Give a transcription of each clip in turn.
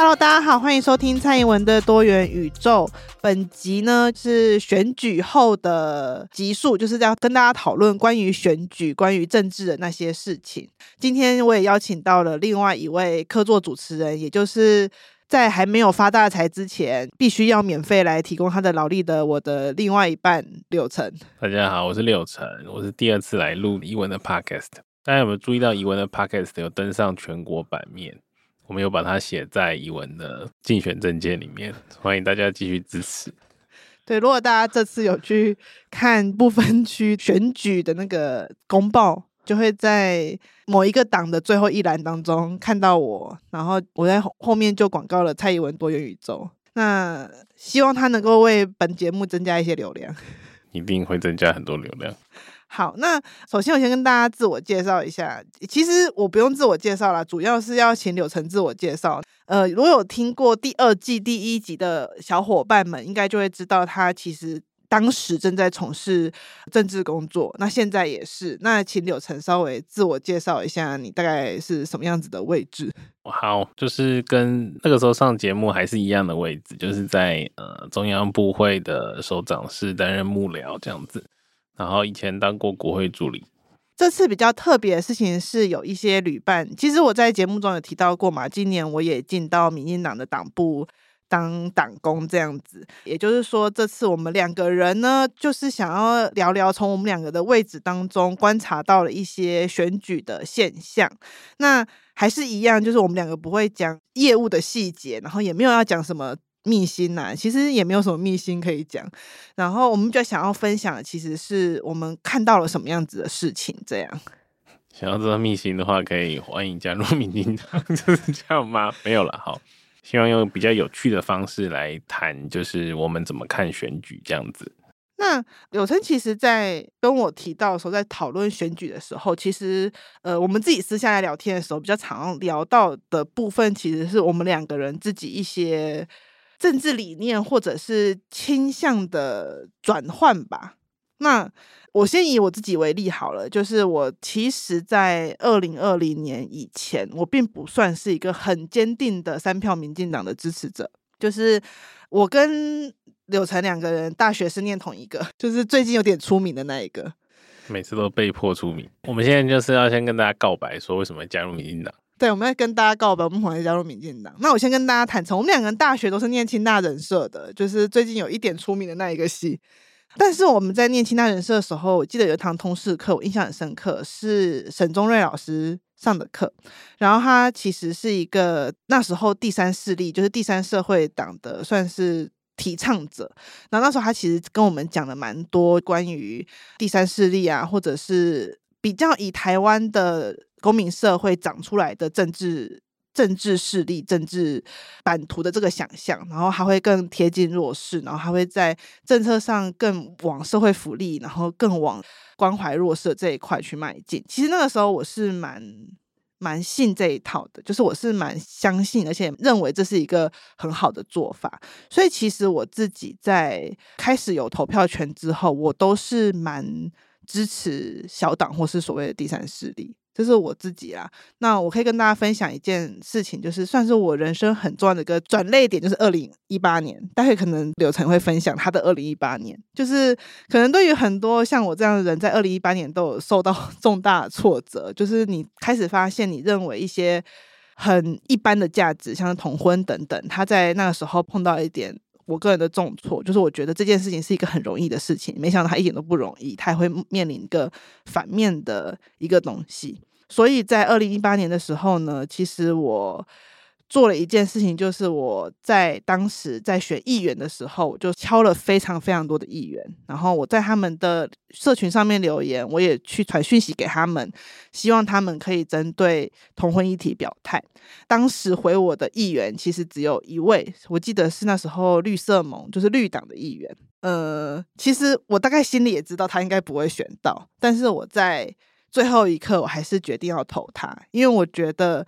Hello，大家好，歡迎收聽蔡宜文的多元宇宙。本集呢是選舉後的集數，就是要跟大家討論關於選舉、關於政治的那些事情。今天我也邀請到了另外一位客座主持人，也就是在還沒有發大財之前，必須要免費來提供他的勞力的我的另外一半柳成，大家好，我是柳成，我是第二次來錄宜文的 Podcast。大家有沒有注意到宜文的 Podcast 有登上全國版面？我們有把它寫在宜文的競選政見裡面，歡迎大家繼續支持。對，如果大家這次有去看不分區選舉的那個公報，就會在某一個黨的最後一欄當中看到我，然後我在後面就廣告了蔡宜文多元宇宙。那希望他能夠為本節目增加一些流量，一定會增加很多流量。好，那首先我先跟大家自我介紹一下。其實我不用自我介紹啦，主要是要請柳成自我介紹。呃，如果有聽過第二季第一集的小伙伴們，應該就會知道他其實當時正在從事政治工作，那現在也是。那請柳成稍微自我介紹一下，你大概是什麼樣子的位置？好，就是跟那個時候上節目還是一樣的位置，就是在呃中央部會的首長室擔任幕僚這樣子。然後以前當過國會助理，這次比較特別的事情是有一些旅伴。其實我在節目中有提到過嘛，今年我也進到民進黨的黨部當黨工這樣子。也就是說，這次我們兩個人呢，就是想要聊聊從我們兩個的位置當中觀察到了一些選舉的現象。那還是一樣，就是我們兩個不會講業務的細節，然後也沒有要講什麼。秘辛吶，其實也沒有什麼秘辛可以講。然後我們比較想要分享的，其實是我們看到了什麼樣子的事情。這樣想要知道秘辛的話，可以歡迎加入秘辛堂，就是這樣嗎？沒有了。好，希望用比較有趣的方式來談，就是我們怎麼看選舉這樣子。那柳晨其實在跟我提到的時候，在討論選舉的時候，其實呃，我們自己私下來聊天的時候，比較常聊到的部分，其實是我們兩個人自己一些。政治理念或者是傾向的轉換吧。那我先以我自己為例好了，就是我其實，在二零二零年以前，我並不算是一個很堅定的三票民進黨的支持者。就是我跟柳辰兩個人大學是念同一個，就是最近有點出名的那一個，每次都被迫出名。我們現在就是要先跟大家告白，說為什麼要加入民進黨。對，我們要跟大家告白，我們同時加入民進黨。那我先跟大家坦承，我們兩個人大學都是念清大人社的，就是最近有一點出名的那一個系。但是我們在念清大人社的時候，我記得有一堂通識課，我印象很深刻，是沈宗瑞老師上的課。然後他其實是一個那時候第三勢力，就是第三社會黨的算是提倡者。然後那時候他其實跟我們講了蠻多關於第三勢力啊，或者是比較以台灣的。公民社會長出來的政治政治勢力、政治版圖的這個想象，然後還會更貼近弱勢，然後還會在政策上更往社會福利，然後更往關懷弱勢這一塊去邁進。其實那個時候我是蠻蠻信這一套的，就是我是蠻相信，而且認為這是一個很好的做法。所以其實我自己在開始有投票權之後，我都是蠻支持小黨或是所謂的第三勢力。就是我自己啦、啊，那我可以跟大家分享一件事情，就是算是我人生很重要的一個轉捩點，就是二零一八年。大概可能劉程會分享他的二零一八年，就是可能對於很多像我這樣的人，在二零一八年都有受到重大挫折，就是你開始發現你認為一些很一般的價值，像是同婚等等，他在那個時候碰到一點。我個人的重挫就是，我覺得這件事情是一個很容易的事情，沒想到他一點都不容易，他也會面臨一個反面的一個東西。所以在二零一八年的時候呢，其實我，做了一件事情，就是我在當時在選議員的時候，就敲了非常非常多的議員，然後我在他們的社群上面留言，我也去傳訊息給他們，希望他們可以針對同婚議題表態。當時回我的議員其實只有一位，我記得是那時候綠色盟，就是綠黨的議員。呃，其實我大概心裡也知道他應該不會選到，但是我在最後一刻，我還是決定要投他，因為我覺得。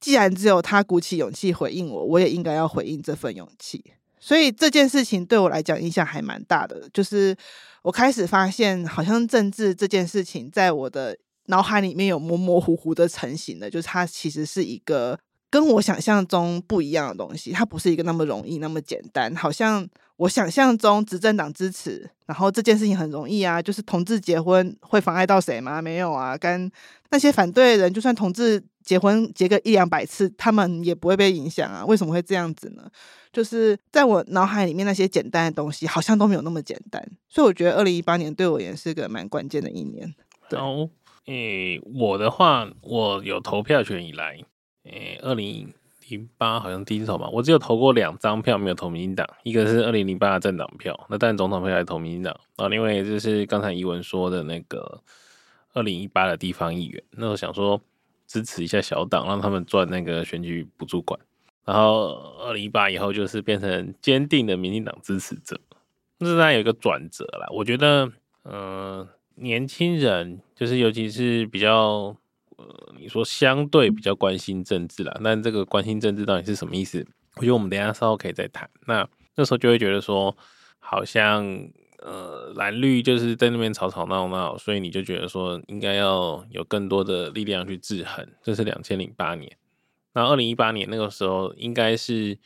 既然只有他鼓起勇氣回應我，我也應該要回應這份勇氣。所以這件事情對我來講影響還蠻大的，就是我開始發現，好像政治這件事情在我的腦海裡面有模模糊糊的成型的，就是它其實是一個。跟我想象中不一樣的東西，它不是一個那麼容易那麼簡單。好像我想象中執政黨支持，然後這件事情很容易啊，就是同志結婚會妨礙到誰嗎？沒有啊，跟那些反對的人，就算同志結婚結個一兩百次，他們也不會被影響啊。為什麼會這樣子呢？就是在我腦海裡面那些簡單的東西，好像都沒有那麼簡單。所以我覺得二零一八年對我也是個蠻關鍵的一年。對，誒、欸，我的話，我有投票權以來。呃，二零零八好像第一次投嘛，我只有投過兩張票，沒有投民進黨。一個是二零零八的政黨票，那但總統票也投民進黨。然後另外就是剛才怡文說的那個二零一八的地方議員，那我想說支持一下小黨，讓他們賺那個選舉補助款。然後二零一八以後就是變成堅定的民進黨支持者，那當然有一個轉折啦。我覺得，嗯、呃，年輕人就是尤其是比較。呃，你說相對比較關心政治啦，那這個關心政治到底是什麼意思？我覺得我們等一下稍後可以再談。那那時候就會覺得說，好像呃藍綠就是在那邊吵吵鬧鬧，所以你就覺得說應該要有更多的力量去制衡。這是兩千零八年，那二零一八年那個時候，應該是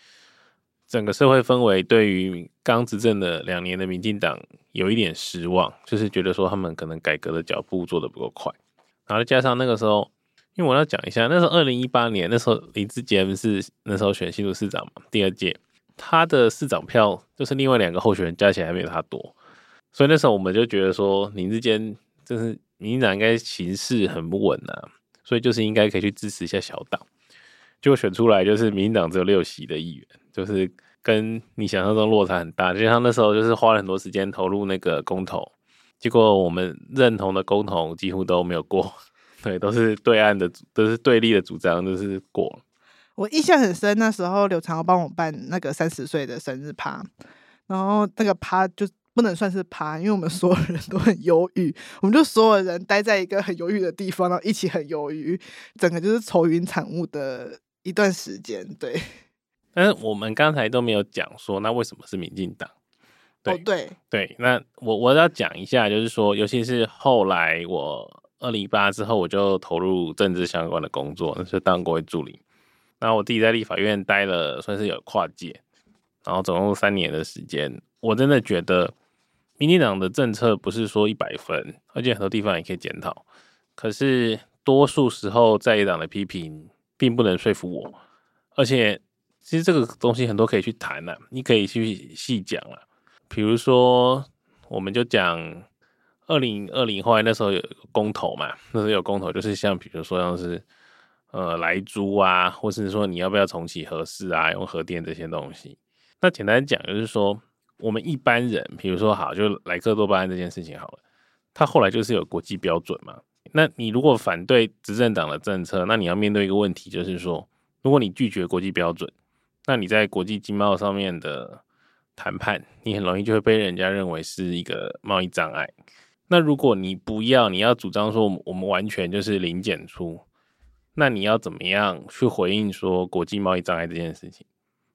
整個社會氛圍對於剛執政的兩年的民進黨有一點失望，就是覺得說他們可能改革的腳步做得不夠快。然後再加上那個時候，因為我要講一下，那時候二零一八年，那時候林智堅不是那時候選新竹市長嘛，第二屆，他的市長票就是另外兩個候選人加起來還沒有他多，所以那時候我們就覺得說，林智堅就是民進黨應該形勢很不穩啊，所以就是應該可以去支持一下小黨，結果選出來就是民進黨只有六席的議員，就是跟你想象中落差很大，就像那時候就是花了很多時間投入那個公投。結果我們認同的共同幾乎都沒有過，對，都是對岸的，都是對立的主張，都、就是過。我印象很深，那時候劉長宏幫我辦那個三十歲的生日趴，然後那個趴就不能算是趴，因為我們所有人都很憂鬱，我們就所有人待在一個很憂鬱的地方，然後一起很憂鬱，整個就是愁雲慘霧的一段時間。對，但是我們剛才都沒有講說，那為什麼是民進黨？對、oh, 對，對，那我我要講一下，就是說，尤其是後來我二零一八之後，我就投入政治相關的工作，就當國會助理。那我自己在立法院待了，算是有跨界，然後總共三年的時間，我真的覺得民進黨的政策不是說一百分，而且很多地方也可以檢討。可是多數時候，在野黨的批評並不能說服我，而且其實這個東西很多可以去談了、啊、你可以去細，細講了、啊。比如說，我們就講二零二零後來那時候有公投嘛，那時候有公投，就是像比如說像是呃萊豬啊，或者是說你要不要重啟核四啊，用核電這些東西。那簡單講就是說，我們一般人，比如說好，就萊克多巴胺這件事情好了，他後來就是有國際標準嘛。那你如果反對執政黨的政策，那你要面對一個問題，就是說，如果你拒絕國際標準，那你在國際經貿上面的。談判，你很容易就會被人家認為是一個貿易障礙。那如果你不要，你要主張說我們完全就是零檢出，那你要怎麼樣去回應說國際貿易障礙這件事情？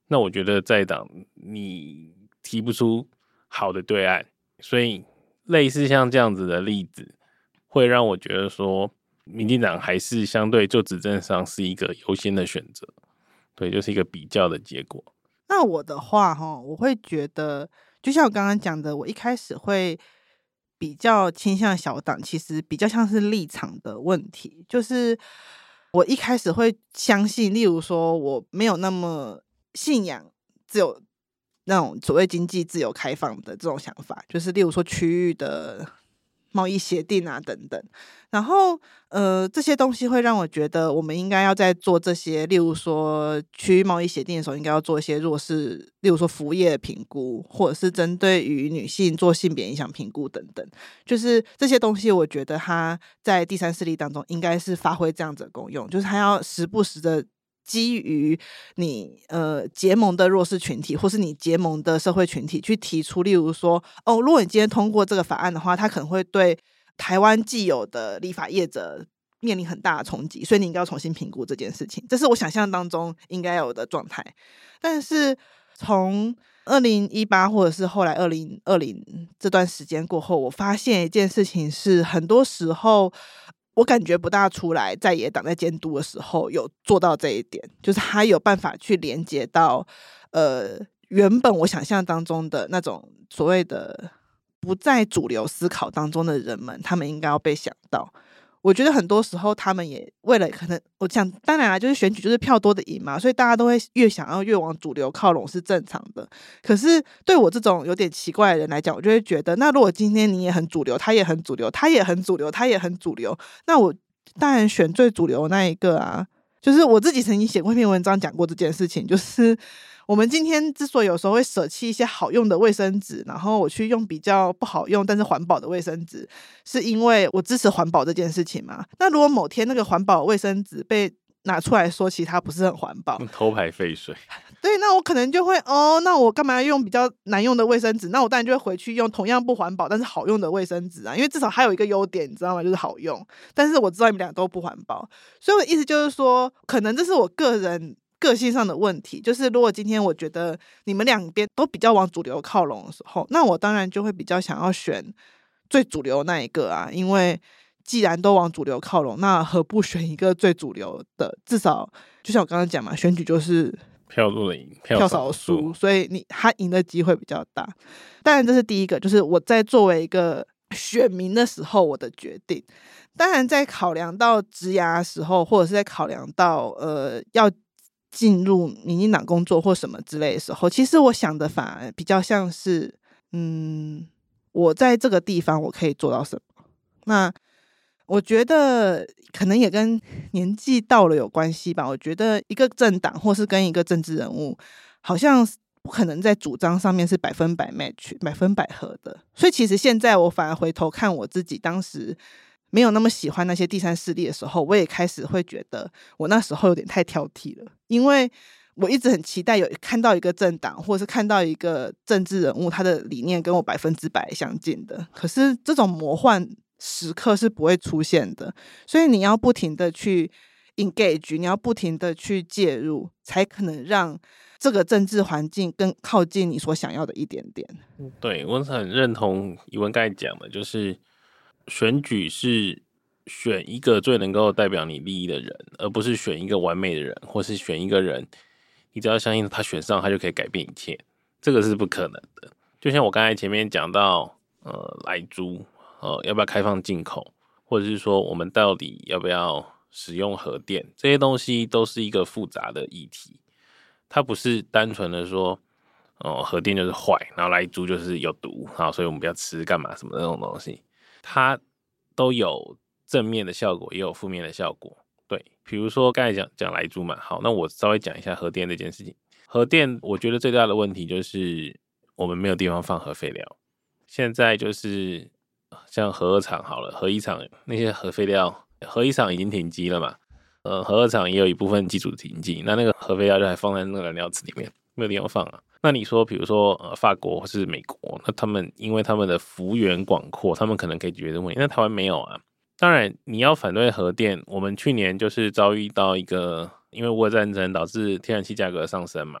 那我覺得在黨你提不出好的對案，所以類似像這樣子的例子，會讓我覺得說民進黨還是相對就執政上是一個優先的選擇，對，就是一個比較的結果。那我的話，哈，我會覺得，就像我剛剛講的，我一開始會比較傾向小黨，其實比較像是立場的問題，就是我一開始會相信，例如說我沒有那麼信仰只有那種所謂經濟自由開放的這種想法，就是例如說區域的。貿易協定啊，等等，然後呃，這些東西會讓我覺得，我們應該要在做這些，例如說區域貿易協定的時候，應該要做一些弱勢，例如說服務業的評估，或者是針對於女性做性別影響評估等等，就是這些東西，我覺得它在第三勢力當中應該是發揮這樣子的功用，就是它要時不時的。基於你呃結盟的弱勢群體，或是你結盟的社會群體去提出，例如說哦，如果你今天通過這個法案的話，它可能會對台灣既有的立法業者面臨很大的衝擊，所以你應該要重新評估這件事情。這是我想象當中應該有的狀態。但是從二零一八或者是後來二零二零這段時間過後，我發現一件事情是，很多時候。我感覺不大出來，在野黨在監督的時候，有做到這一點，就是他有辦法去連接到，呃，原本我想象當中的那種所謂的不在主流思考當中的人們，他們應該要被想到。我覺得很多時候他們也為了可能，我想當然啊，就是選舉就是票多的贏嘛，所以大家都會越想要越往主流靠攏是正常的。可是對我這種有點奇怪的人來講，我就會覺得，那如果今天你也很主流，他也很主流，他也很主流，他也很主流，那我當然選最主流那一個啊。就是我自己曾經寫過一篇文章講過這件事情，就是。我們今天之所以有時候會捨棄一些好用的衛生紙，然後我去用比較不好用但是環保的衛生紙，是因為我支持環保這件事情嘛。那如果某天那個環保衛生紙被拿出來說，其他不是很環保，偷、嗯、排廢水，對，那我可能就會哦，那我幹嘛用比較難用的衛生紙？那我當然就會回去用同樣不環保但是好用的衛生紙啊，因為至少還有一個優點，你知道嗎？就是好用。但是我知道你們倆都不環保，所以我的意思就是說，可能這是我個人個性上的問題，就是如果今天我覺得你們兩邊都比較往主流靠攏的時候，那我當然就會比較想要選最主流那一個啊，因為既然都往主流靠攏，那何不選一個最主流的？至少就像我剛剛講嘛，選舉就是票多的贏，票少輸，所以你他贏的機會比較大。當然，這是第一個，就是我在作為一個選民的時候，我的決定。當然，在考量到職涯的時候，或者是在考量到呃要進入民進黨工作或什麼之類的時候，其實我想的反而比較像是，嗯，我在這個地方我可以做到什麼？那我覺得可能也跟年紀到了有關係吧。我覺得一個政黨或是跟一個政治人物，好像不可能在主張上面是百分百 match、百分百合的。所以其實現在我反而回頭看我自己，當時沒有那麼喜歡那些第三勢力的時候，我也開始會覺得我那時候有點太挑剔了。因為我一直很期待有看到一個政黨，或者是看到一個政治人物，他的理念跟我百分之百相近的。可是這種魔幻時刻是不會出現的，所以你要不停的去 engage，你要不停的去介入，才可能讓這個政治環境更靠近你所想要的一點點。對，我很認同宜文剛才講的，就是選舉是。選一個最能夠代表你利益的人，而不是選一個完美的人，或是選一個人，你只要相信他選上，他就可以改變一切。這個是不可能的。就像我剛才前面講到，呃，萊豬，呃，要不要開放進口，或者是說我們到底要不要使用核電，這些東西都是一個複雜的議題。它不是單純的說，哦、呃，核電就是壞，然後萊豬就是有毒，好，所以我們不要吃幹嘛什麼那種東西，它都有。正面的效果也有負面的效果，對，比如說剛才講講萊豬嘛，好，那我稍微講一下核電這件事情。核電我覺得最大的問題就是我們沒有地方放核廢料，現在就是像核二廠好了，核一廠那些核廢料，核一廠已經停機了嘛，呃，核二廠也有一部分機組停機，那那個核廢料就還放在那個燃料池裡面，沒有地方放啊。那你說，比如說呃法國或是美國，那他們因為他們的幅員廣闊，他們可能可以解決這個問題，那台灣沒有啊。當然，你要反對核電，我們去年就是遭遇到一個，因為俄烏戰爭導致天然氣價格上升嘛，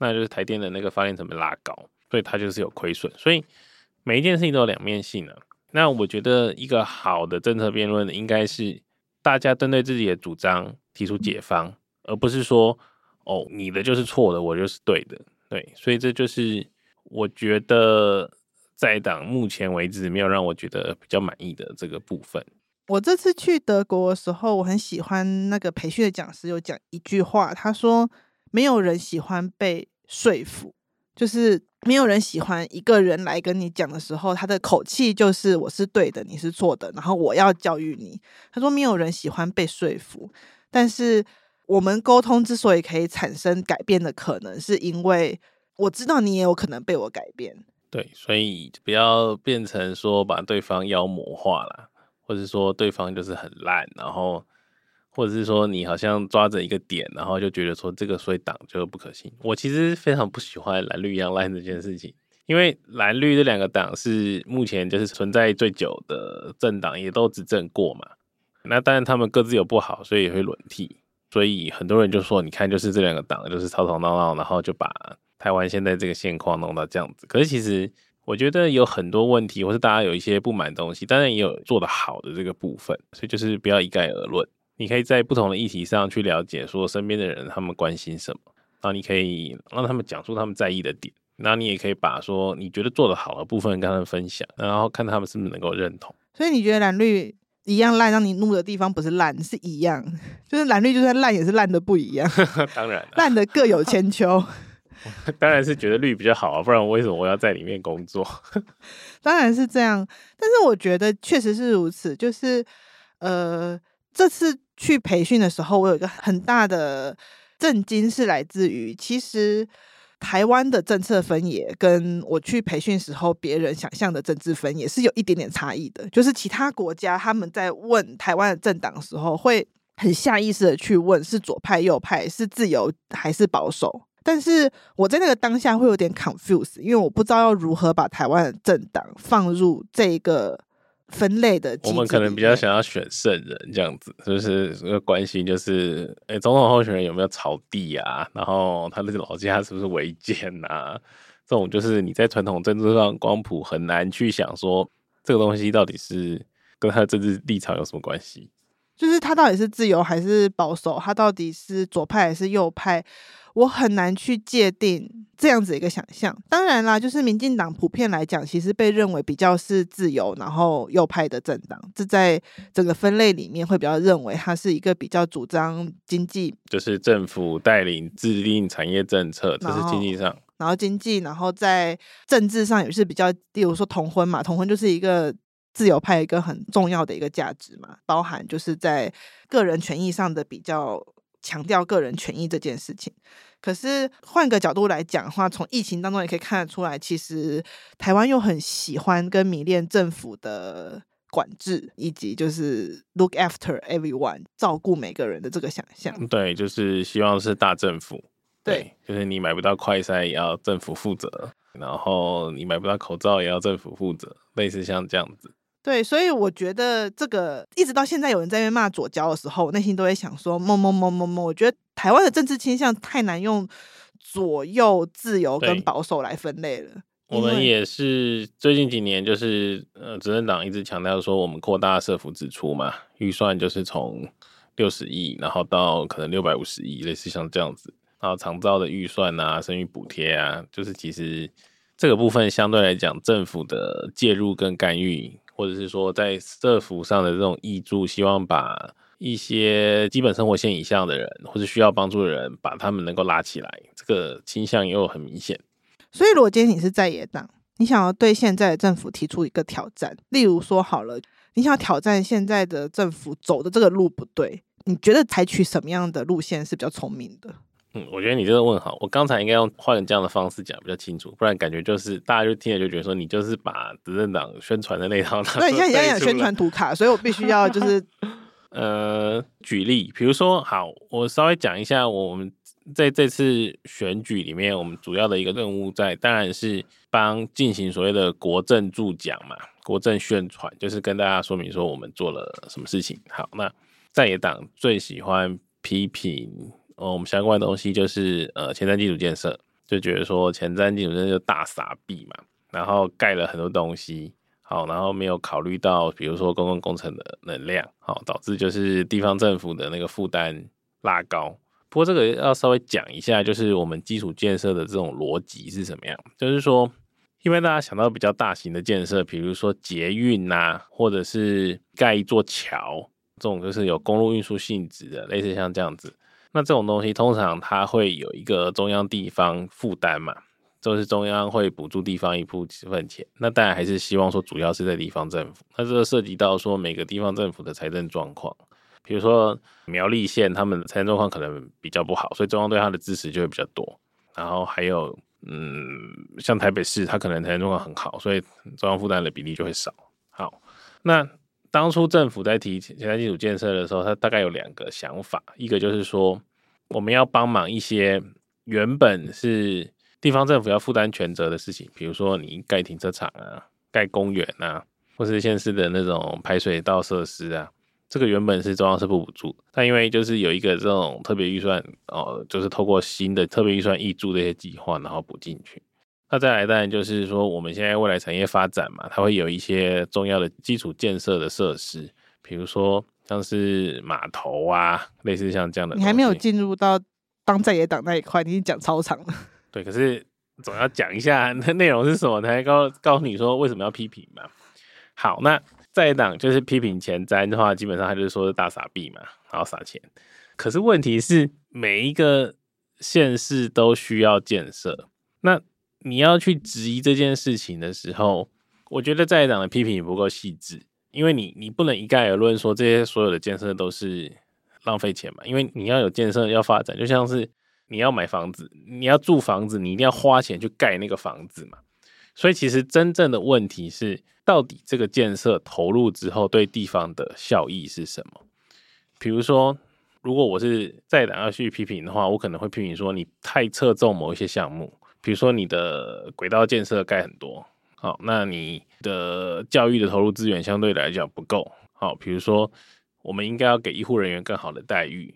那就是台電的那個發電成本拉高，所以它就是有虧損。所以每一件事情都有兩面性呢、啊。那我覺得一個好的政策辯論應該是大家針對自己的主張提出解方，而不是說，哦，你的就是錯的，我就是對的。對，所以這就是我覺得在黨目前為止沒有讓我覺得比較滿意的這個部分。我這次去德國的時候，我很喜歡那個培訓的講師有講一句話，他說：“沒有人喜歡被說服，就是沒有人喜歡一個人來跟你講的時候，他的口氣就是我是對的，你是錯的，然後我要教育你。”他說：“沒有人喜歡被說服，但是我們溝通之所以可以產生改變的可能，是因為我知道你也有可能被我改變。”對，所以不要變成說把對方妖魔化了。或者是說對方就是很爛，然後或者是說你好像抓着一個點，然後就覺得說這個所以黨就不可信。我其實非常不喜歡藍綠一樣爛這件事情，因為藍綠這兩個黨是目前就是存在最久的政黨，也都執政過嘛。那當然他們各自有不好，所以也會輪替。所以很多人就說，你看就是這兩個黨就是吵吵鬧鬧，然後就把台灣現在這個現況弄到這樣子。可是其實。我覺得有很多問題，或是大家有一些不滿東西，當然也有做得好的這個部分，所以就是不要一概而論。你可以在不同的議題上去了解，說身邊的人他們關心什麼，然後你可以讓他們講述他們在意的點，然後你也可以把說你覺得做得好的部分跟他們分享，然後看他們是不是能夠認同。所以你覺得藍綠一樣爛，讓你怒的地方不是爛，是一樣，就是藍綠就算爛也是爛的不一樣， 當然爛的各有千秋。 當然是覺得綠比較好啊，不然為什麼我要在裡面工作？ 當然是這樣，但是我覺得確實是如此。就是呃，這次去培訓的時候，我有一個很大的震驚，是來自於其實台灣的政策分野，跟我去培訓時候別人想象的政治分野是有一點點差異的。就是其他國家他們在問台灣的政黨的時候，會很下意識的去問是左派右派，是自由還是保守。但是我在那個當下會有點 confuse，因為我不知道要如何把台灣的政黨放入這個分類的，我們可能比較想要選聖人這樣子，就是，一個關心就是，哎、欸，總統候選人有沒有草地啊？然後他的老家是不是違建啊？這種就是你在傳統政治上光譜很難去想說這個東西到底是跟他的政治立場有什麼關係？就是他到底是自由還是保守？他到底是左派還是右派？我很難去界定這樣子一個想象。當然啦，就是民進黨普遍來講，其實被認為比較是自由然後右派的政黨。這在整個分類裡面會比較認為它是一個比較主張經濟，就是政府帶領制定產業政策，這是經濟上。然後，然後經濟，然後在政治上也是比較，例如說同婚嘛，同婚就是一個自由派一個很重要的一個價值嘛，包含就是在個人權益上的比較。強調個人權益這件事情，可是換個角度來講的話，從疫情當中也可以看得出來，其實台灣又很喜歡跟迷戀政府的管制，以及就是 look after everyone，照顧每個人的這個想象。對，就是希望是大政府。對，對就是你買不到快篩也要政府負責，然後你買不到口罩也要政府負責，類似像這樣子。對，所以我覺得這個一直到現在有人在那邊罵左膠的時候，我內心都會想說，某某某某某。我覺得台灣的政治傾向太難用左右、自由跟保守來分類了。我們也是最近幾年，就是呃，執政黨一直強調說，我們擴大社福支出嘛，預算就是從六十億，然後到可能六百五十億，類似像這樣子。然後，長照的預算啊，生育補貼啊，就是其實這個部分相對來講，政府的介入跟干預。或者是說在社福上的這種挹注，希望把一些基本生活線以下的人或者需要幫助的人，把他們能夠拉起來，這個傾向也有很明顯。所以，如果今天你是在野黨，你想要對現在的政府提出一個挑戰，例如說好了，你想要挑戰現在的政府走的這個路不對，你覺得採取什麼樣的路線是比較聰明的？嗯，我覺得你這個問好，我剛才應該用換這樣的方式講比較清楚，不然感覺就是大家就聽了就覺得說你就是把執政黨宣傳的那套，對，因為你也有宣傳圖卡，所以我必須要就是 呃舉例，比如說好，我稍微講一下，我們在這次選舉裡面，我們主要的一個任務在當然是幫進行所謂的國政助講嘛，國政宣傳，就是跟大家說明說我們做了什麼事情。好，那在野黨最喜歡批評。哦，我們相關的東西就是呃，前瞻基礎建設就覺得說，前瞻基礎建設就大撒幣嘛，然後蓋了很多東西，好，然後沒有考慮到，比如說公共工程的能量，好，導致就是地方政府的那個負擔拉高。不過這個要稍微講一下，就是我們基礎建設的這種邏輯是什麼樣，就是說，因為大家想到比較大型的建設，比如說捷運吶、啊，或者是蓋一座橋，這種就是有公路運輸性質的，類似像這樣子。那這種東西通常它會有一個中央地方負擔嘛，就是中央會補助地方一部分錢，那當然還是希望說主要是在地方政府，那這個涉及到說每個地方政府的財政狀況，比如說苗栗縣他們的財政狀況可能比較不好，所以中央對他的支持就會比較多，然後還有嗯，像台北市它可能財政狀況很好，所以中央負擔的比例就會少。好，那。當初政府在提前瞻基礎建設的時候，他大概有兩個想法，一個就是說我們要幫忙一些原本是地方政府要負擔全責的事情，比如說你蓋停車場啊、蓋公園啊，或是縣市的那種排水道設施啊，這個原本是中央是不補助，但因為就是有一個這種特別預算哦，就是透過新的特別預算挹注的一些計劃，然後補進去。那再來當然就是說，我們現在未來產業發展嘛，它會有一些重要的基礎建設的設施，比如說像是碼頭啊，類似像這樣的。你還沒有進入到當在野黨那一塊，你已經講超長了。對，可是總要講一下那內容是什麼，才告告訴你說為什麼要批評嘛。好，那在野黨就是批評前瞻的話，基本上他就是說是大撒幣嘛，然後撒錢。可是問題是，每一個縣市都需要建設，那。你要去質疑這件事情的時候，我覺得在野黨的批評也不夠細緻，因為你你不能一概而論說這些所有的建設都是浪費錢嘛，因為你要有建設要發展，就像是你要買房子，你要住房子，你一定要花錢去蓋那個房子嘛。所以其實真正的問題是，到底這個建設投入之後對地方的效益是什麼？比如說，如果我是在野黨要去批評的話，我可能會批評說你太側重某一些項目。比如說，你的軌道建設蓋很多，好，那你的教育的投入資源相對來講不夠，好，比如說，我們應該要給醫護人員更好的待遇，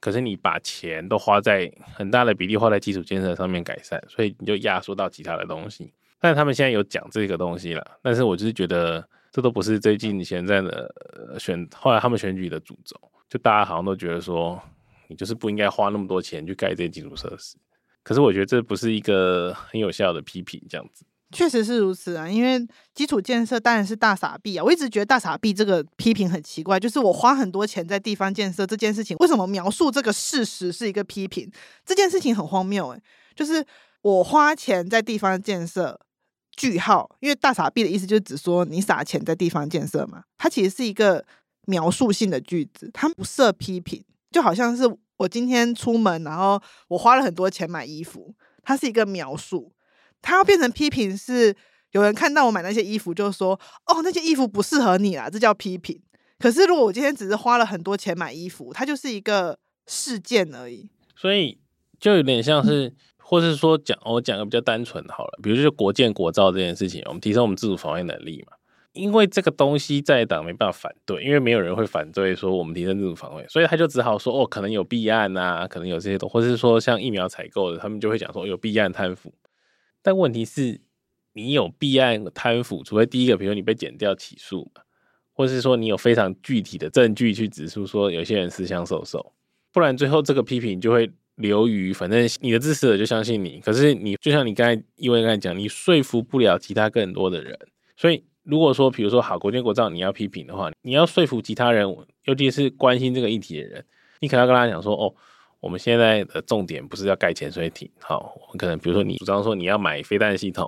可是你把錢都花在很大的比例花在基礎建設上面改善，所以你就壓縮到其他的東西。但是他們現在有講這個東西了，但是我就是覺得這都不是最近現在的選，後來他們選舉的主軸，就大家好像都覺得說，你就是不應該花那麼多錢去蓋這些基礎設施。可是我覺得這不是一個很有效的批評，這樣子確實是如此啊。因為基礎建設當然是大撒幣啊！我一直覺得大撒幣這個批評很奇怪,就是我花很多錢在地方建設這件事情，為什麼描述這個事實是一個批評？這件事情很荒謬哎、欸，就是我花錢在地方建設句號，因為大撒幣的意思就是只說你撒錢在地方建設嘛，它其實是一個描述性的句子，它不設批評，就好像是。我今天出門，然後我花了很多錢買衣服，它是一個描述。它要變成批評，是有人看到我買那些衣服，就說：“哦，那些衣服不適合你啦。”這叫批評。可是如果我今天只是花了很多錢買衣服，它就是一個事件而已。所以就有點像是，嗯、或是說講、哦、我講個比較單純好了，比如就是國艦國造這件事情，我們提升我們自主防衛能力嘛。因為這個東西在黨沒辦法反對，因為沒有人會反對說我們提升這種防衛，所以他就只好說哦，可能有弊案啊，可能有這些東西，或者是說像疫苗採購的，他們就會講說有弊案貪腐。但問題是，你有弊案貪腐，除非第一個，比如說你被檢調起訴，或者是說你有非常具體的證據去指出說有些人私相授受，不然最後這個批評就會流於，反正你的支持者就相信你，可是你就像你剛才，因為剛才講，你說服不了其他更多的人，所以。如果說，比如說好，好國艦國造你要批評的話，你要說服其他人，尤其是關心這個議題的人，你可能要跟他講說，哦，我們現在的重點不是要蓋潛水艇，好，我們可能比如說你主張說你要買飛彈系統，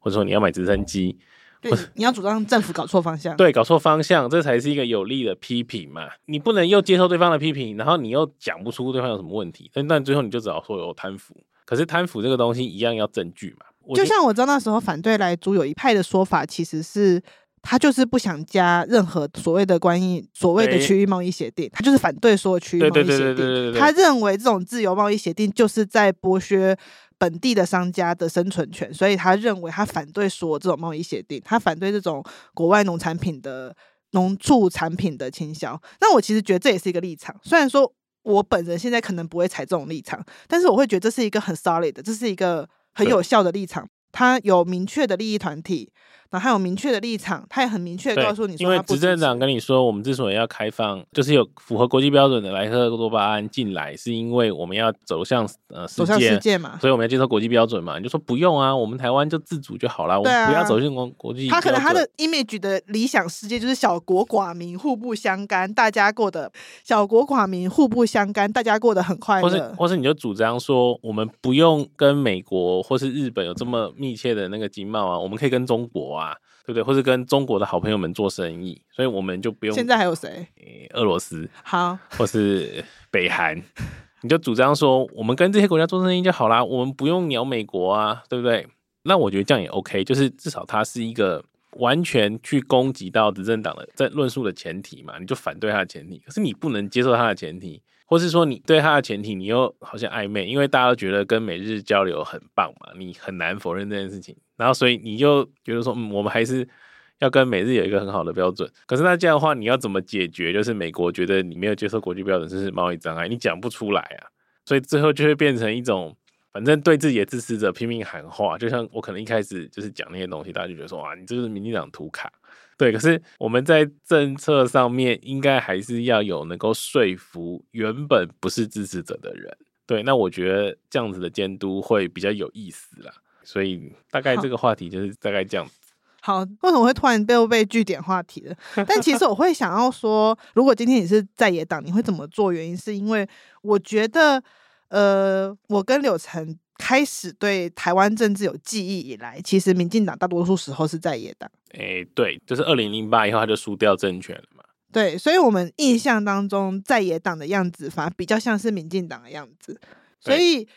或者說你要買直升機，對是，你要主張政府搞錯方向，對，搞錯方向，這才是一個有力的批評嘛。你不能又接受對方的批評，然後你又講不出對方有什麼問題，那那最後你就只好說有貪腐，可是貪腐這個東西一樣要證據嘛。就，就像我知道那時候反對萊豬有一派的說法，其實是他就是不想加任何所謂的關稅，所謂的區域貿易協定，他就是反對所有區域貿易協定。他認為這種自由貿易協定就是在剝削本地的商家的生存權，所以他認為他反對所有這種貿易協定，他反對這種國外農產品的農畜產品的傾銷。那我其實覺得這也是一個立場，雖然說我本人現在可能不會採這種立場，但是我會覺得這是一個很 solid 的，這是一個。很有效的立場，他有明確的利益團體。然後他有明確的立場，他也很明確告訴你說，因為執政黨跟你，止止跟你說，我們之所以要開放，就是有符合國際標準的萊克多巴胺進來，是因為我們要走向呃世界，走向世界嘛，所以我們要接受國際標準嘛。你就說不用啊，我們台灣就自主就好了，啊，我們不要走進國國際標準。他可能他的 image 的理想世界就是小國寡民，互不相干，大家過得小國寡民，互不相干，大家過得很快樂。或是，或是你就主張說，我們不用跟美國或是日本有這麼密切的那個經貿啊，我們可以跟中國啊。啊，對不對？或是跟中國的好朋友們做生意，所以我們就不用。現在還有誰？俄羅斯好，或是北韓？ 你就主張說，我們跟這些國家做生意就好啦，我們不用鳥美國啊，對不對？那我覺得這樣也 OK，就是至少它是一個完全去攻擊到執政黨的在論述的前提嘛，你就反對他的前提，可是你不能接受他的前提，或是說你對他的前提你又好像曖昧，因為大家都覺得跟美日交流很棒嘛，你很難否認這件事情。然後，所以你就覺得說，嗯，我們還是要跟美日有一個很好的標準。可是那這樣的話，你要怎麼解決？就是美國覺得你沒有接受國際標準，這是貿易障礙，你講不出來啊。所以最後就會變成一種，反正對自己的支持者拼命喊話。就像我可能一開始就是講那些東西，大家就覺得說，哇，你這是民進黨圖卡。對，可是我們在政策上面，應該還是要有能夠說服原本不是支持者的人。對，那我覺得這樣子的監督會比較有意思啦。所以大概這個話題就是大概這樣好，好，為什麼會突然被又被句點話題了？ 但其實我會想要說，如果今天你是在野黨，你會怎麼做？原因是因為我覺得，呃，我跟柳成開始對台灣政治有記憶以來，其實民進黨大多數時候是在野黨。哎、欸，對，就是二零零八以後他就輸掉政權了嘛。對，所以，我們印象當中在野黨的樣子，反而比較像是民進黨的樣子。所以。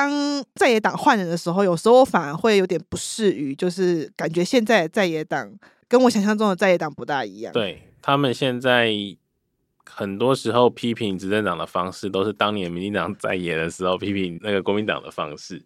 當在野黨換人的時候，有時候我反而會有點不適於，就是感覺現在在野黨跟我想象中的在野黨不大一樣。對，他們現在很多時候批評執政黨的方式，都是當年民進黨在野的時候批評那個國民黨的方式。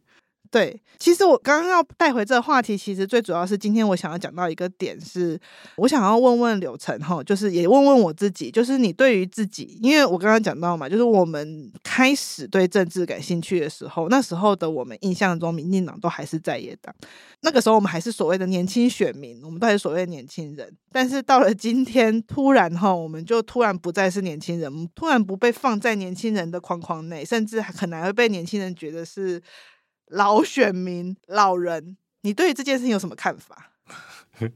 對，其實我剛剛要帶回這個話題，其實最主要是今天我想要講到一個點是，是我想要問問柳成吼、哦、就是也問問我自己，就是你對於自己，因為我剛剛講到嘛，就是我們開始對政治感興趣的時候，那時候的我們印象中，民進黨都還是在野黨，那個時候我們還是所謂的年輕選民，我們都還是所謂的年輕人，但是到了今天，突然哈、哦，我們就突然不再是年輕人，突然不被放在年輕人的框框內，甚至還可能會被年輕人覺得是。老選民、老人，你對這件事情有什麼看法？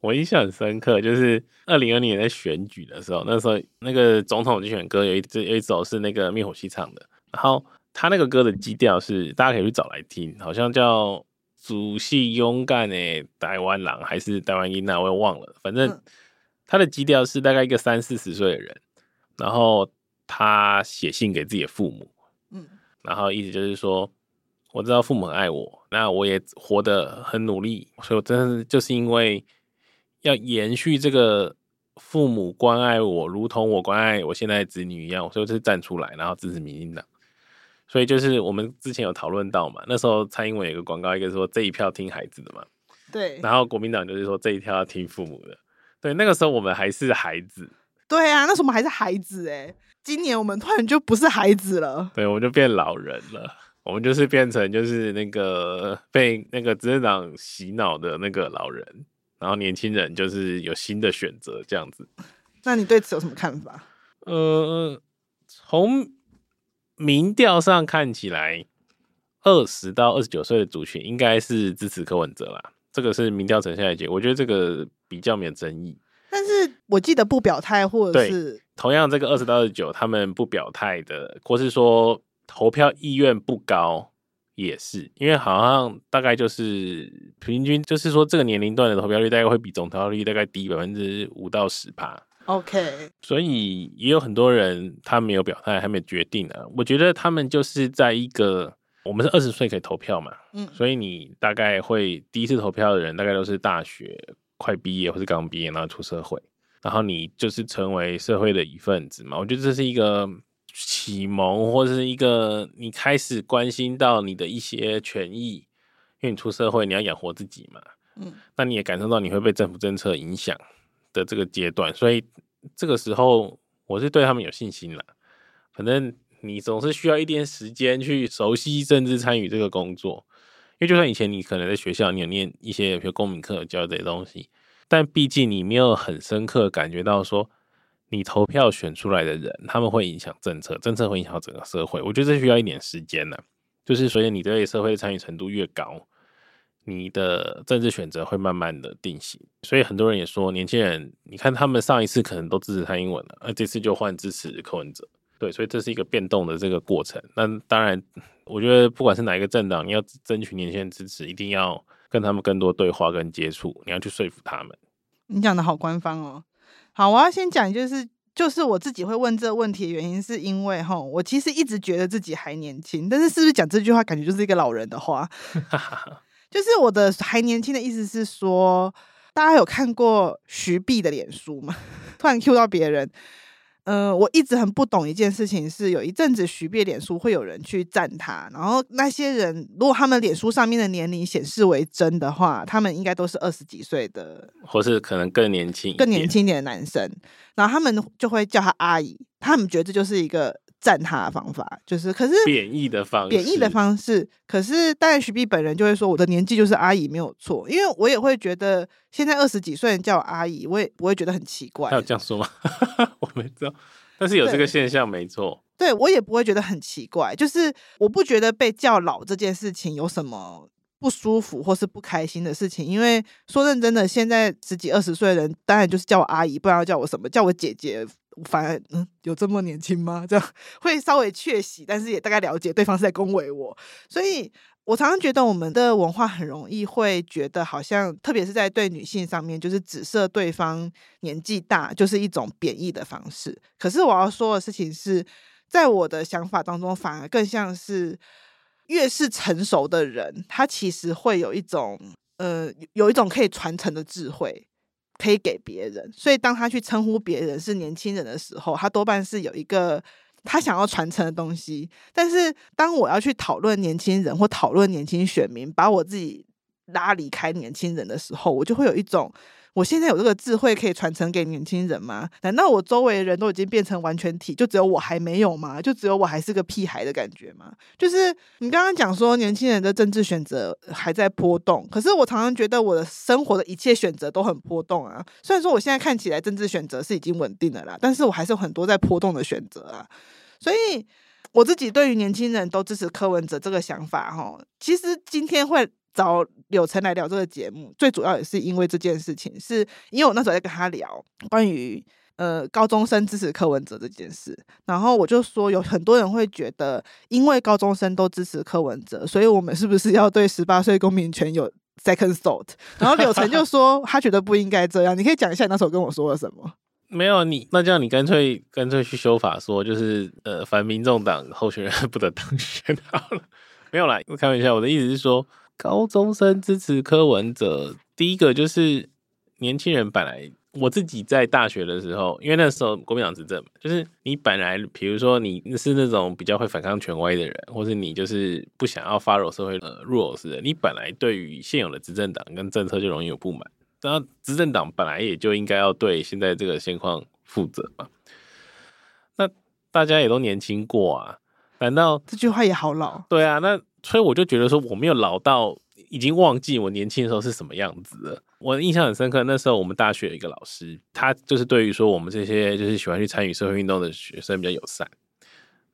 我印象很深刻，就是二零二零年在選舉的時候，那時候那個總統競選歌有一支有一首是那個滅火器唱的，然後他那個歌的基調是、嗯，大家可以去找來聽，好像叫“主席勇敢誒，台灣狼還是台灣音，那我也忘了，反正他的基調是大概一個三四十歲的人，然後他寫信給自己的父母、嗯，然後意思就是說。我知道父母很愛我，那我也活得很努力，所以我真的就是因為要延續這個父母關愛我，如同我關愛我現在的子女一樣，所以我就是站出來，然後支持民進黨。所以就是我們之前有討論到嘛，那時候蔡英文有一個廣告，一個說這一票聽孩子的嘛，對，然後國民黨就是說這一票要聽父母的，對，那個時候我們還是孩子，對啊，那時候我們還是孩子欸，今年我們突然就不是孩子了，對，我們就變老人了。我們就是變成就是那個被那個執政黨洗腦的那個老人，然後年輕人就是有新的選擇這樣子。那你對此有什麼看法？呃，從民調上看起來，二十到二十九歲的族群應該是支持柯文哲啦，這個是民調呈現的結果，我覺得這個比較沒有爭議。但是我記得不表態，或者是同樣這個二十到二十九，他們不表態的，或是說。投票意願不高，也是因為好像大概就是平均，就是說這個年齡段的投票率大概會比總投票率大概低百分之五到十吧。OK，所以也有很多人他沒有表態，還沒有決定呢、啊。我覺得他們就是在一個，我們是二十歲可以投票嘛，嗯，所以你大概會第一次投票的人，大概都是大學快畢業或是剛畢業，然後出社會，然後你就是成為社會的一份子嘛。我覺得這是一個。啟蒙或者是一個你開始關心到你的一些權益，因為你出社會你要養活自己嘛，嗯，那你也感受到你會被政府政策影響的這個階段，所以這個時候我是對他們有信心了。反正你總是需要一點時間去熟悉政治參與這個工作，因為就算以前你可能在學校你有念一些有些公民課教這些東西，但畢竟你沒有很深刻感覺到說。你投票選出來的人，他們會影響政策，政策會影響整個社會。我覺得這需要一點時間呢、啊。就是隨着你對社會的參與程度越高，你的政治選擇會慢慢的定型。所以很多人也說，年輕人，你看他們上一次可能都支持蔡英文了，而這次就換支持柯文哲。對，所以這是一個變動的這個過程。那當然，我覺得不管是哪一個政黨，你要爭取年輕人支持，一定要跟他們更多對話跟接觸，你要去說服他們。你講的好官方哦。好，我要先講，就是就是我自己會問這個問題的原因，是因為吼，我其實一直覺得自己還年輕，但是是不是講這句話感覺就是一個老人的話？ 就是我的還年輕的意思是說，大家有看過徐碧的臉書嗎？突然 Q 到別人。呃，我一直很不懂一件事情，是有一陣子徐別臉書會有人去讚他，然後那些人如果他們臉書上面的年齡顯示為真的話，他們應該都是二十幾歲的，或是可能更年輕、更年輕一點的男生，然後他們就會叫他阿姨，他們覺得這就是一個。讚他的方法就是，可是貶義的方式貶義的方式。可是，但是徐碧本人就會說：“我的年紀就是阿姨，沒有錯。”因為我也會覺得，現在二十幾歲人叫我阿姨，我也不會覺得很奇怪。他有這樣說嗎？ 我沒知道，但是有這個現象沒錯。對，我也不會覺得很奇怪，就是我不覺得被叫老這件事情有什麼。不舒服或是不開心的事情，因為說認真的，現在十幾二十歲的人當然就是叫我阿姨，不然要叫我什麼？叫我姐姐，反而嗯，有這麼年輕嗎？這樣會稍微竊喜，但是也大概了解對方是在恭維我，所以我常常覺得我們的文化很容易會覺得好像，特別是在對女性上面，就是指涉對方年紀大就是一種貶義的方式。可是我要說的事情是在我的想法當中，反而更像是。越是成熟的人，他其實會有一種，呃，有一種可以傳承的智慧，可以給別人。所以，當他去稱呼別人是年輕人的時候，他多半是有一個他想要傳承的東西。但是，當我要去討論年輕人或討論年輕選民，把我自己拉離開年輕人的時候，我就會有一種。我現在有這個智慧可以傳承給年輕人嗎？難道我周圍的人都已經變成完全體，就只有我還沒有嗎？就只有我還是個屁孩的感覺嗎？就是你剛剛講說年輕人的政治選擇還在波動，可是我常常覺得我的生活的一切選擇都很波動啊。雖然說我現在看起來政治選擇是已經穩定了啦，但是我還是有很多在波動的選擇啊。所以我自己對於年輕人都支持柯文哲這個想法、哦，哈，其實今天會。找柳晨來聊這個節目，最主要也是因為這件事情，是因為我那時候在跟他聊關於呃高中生支持柯文哲這件事，然後我就說有很多人會覺得，因為高中生都支持柯文哲，所以我們是不是要對十八歲公民權有 second thought？然後柳晨就說他覺得不應該這樣， 你可以講一下你那時候跟我說了什麼？沒有，你那這樣你乾脆乾脆去修法說，就是呃反民眾黨候選人不得當選好了， 沒有啦，我開玩笑，我的意思是說。高中生支持柯文哲，第一個就是年輕人。本來我自己在大學的時候，因為那時候國民黨執政嘛，就是你本來比如說你是那種比較會反抗權威的人，或是你就是不想要發柔社會呃入柔式的，你本來對於現有的執政黨跟政策就容易有不滿。然後執政黨本來也就應該要對現在這個現況負責嘛。那大家也都年輕過啊，難道這句話也好老？對啊，那。所以我就覺得說，我沒有老到已經忘記我年輕的時候是什麼樣子了。我的印象很深刻，那時候我們大學有一個老師，他就是對於說我們這些就是喜歡去參與社會運動的學生比較友善。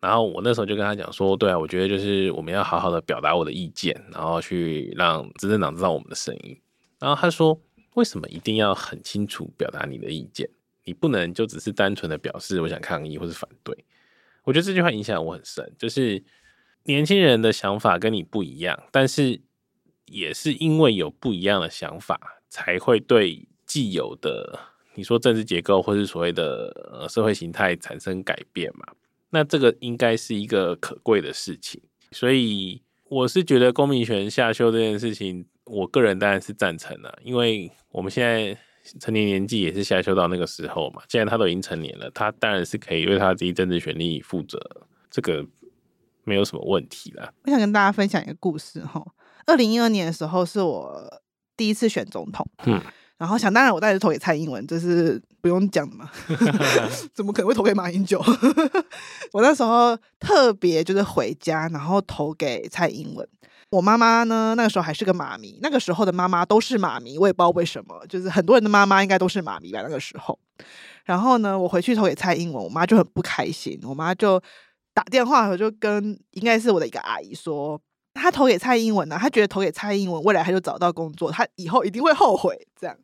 然後我那時候就跟他講說，對啊，我覺得就是我們要好好的表達我的意見，然後去讓執政黨知道我們的聲音。然後他說，為什麼一定要很清楚表達你的意見？你不能就只是單純的表示我想抗議或者反對。我覺得這句話影響我很深，就是。年輕人的想法跟你不一樣，但是也是因為有不一樣的想法，才會對既有的你說政治結構或是所謂的呃社會形態產生改變嘛。那這個應該是一個可貴的事情。所以我是覺得公民權下修這件事情，我個人當然是贊成的啊，因為我們現在成年年紀也是下修到那個時候嘛。既然他都已經成年了，他當然是可以為他自己政治權利負責。這個。沒有什麼問題了。我想跟大家分享一個故事哈。二零一二年的時候是我第一次選總統，嗯，然後想當然我當着投給蔡英文，就是不用講嘛， 怎麼可能會投給馬英九？ 我那時候特別就是回家，然後投給蔡英文。我媽媽呢，那個時候還是個媽咪，那個時候的媽媽都是媽咪，我也不知道為什麼，就是很多人的媽媽應該都是媽咪吧。那個時候，然後呢，我回去投給蔡英文，我媽就很不開心，我媽就。打電話，我就跟應該是我的一個阿姨說，她投給蔡英文呢、啊，她覺得投給蔡英文未來她就找到工作，她以後一定會後悔，這樣，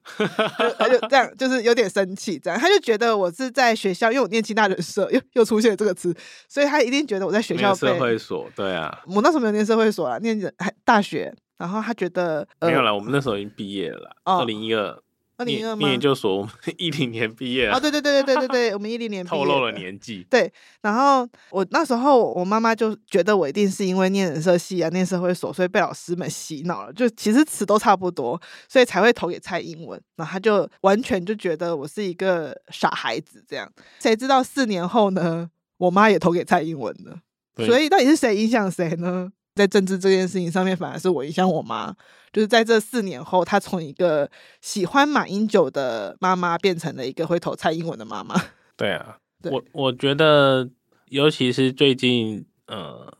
她就，就這樣， 就是有點生氣，這樣，她就覺得我是在學校，因為我念清大人社，又又出現了這個詞，所以他一定覺得我在學校社會所，對啊，我那時候沒有念社會所啊，念的還大學，然後他覺得、呃、沒有啦，我們那時候已經畢業了，二零一二。2012哦、你二零二研究所，我們一零年畢業了。啊、哦，對對對對對對對，我們一零年畢業了 透露了年紀。對，然後我那時候我媽媽就覺得我一定是因為念人社系啊，念社會所，所以被老師們洗腦了，就其實詞都差不多，所以才會投給蔡英文。然後她就完全就覺得我是一個傻孩子這樣。誰知道四年後呢，我媽也投給蔡英文了。所以到底是誰影響誰呢？在政治這件事情上面，反而是我影響我媽。就是在這四年後，她從一個喜歡馬英九的媽媽，變成了一個會投蔡英文的媽媽。對啊，對我我覺得，尤其是最近呃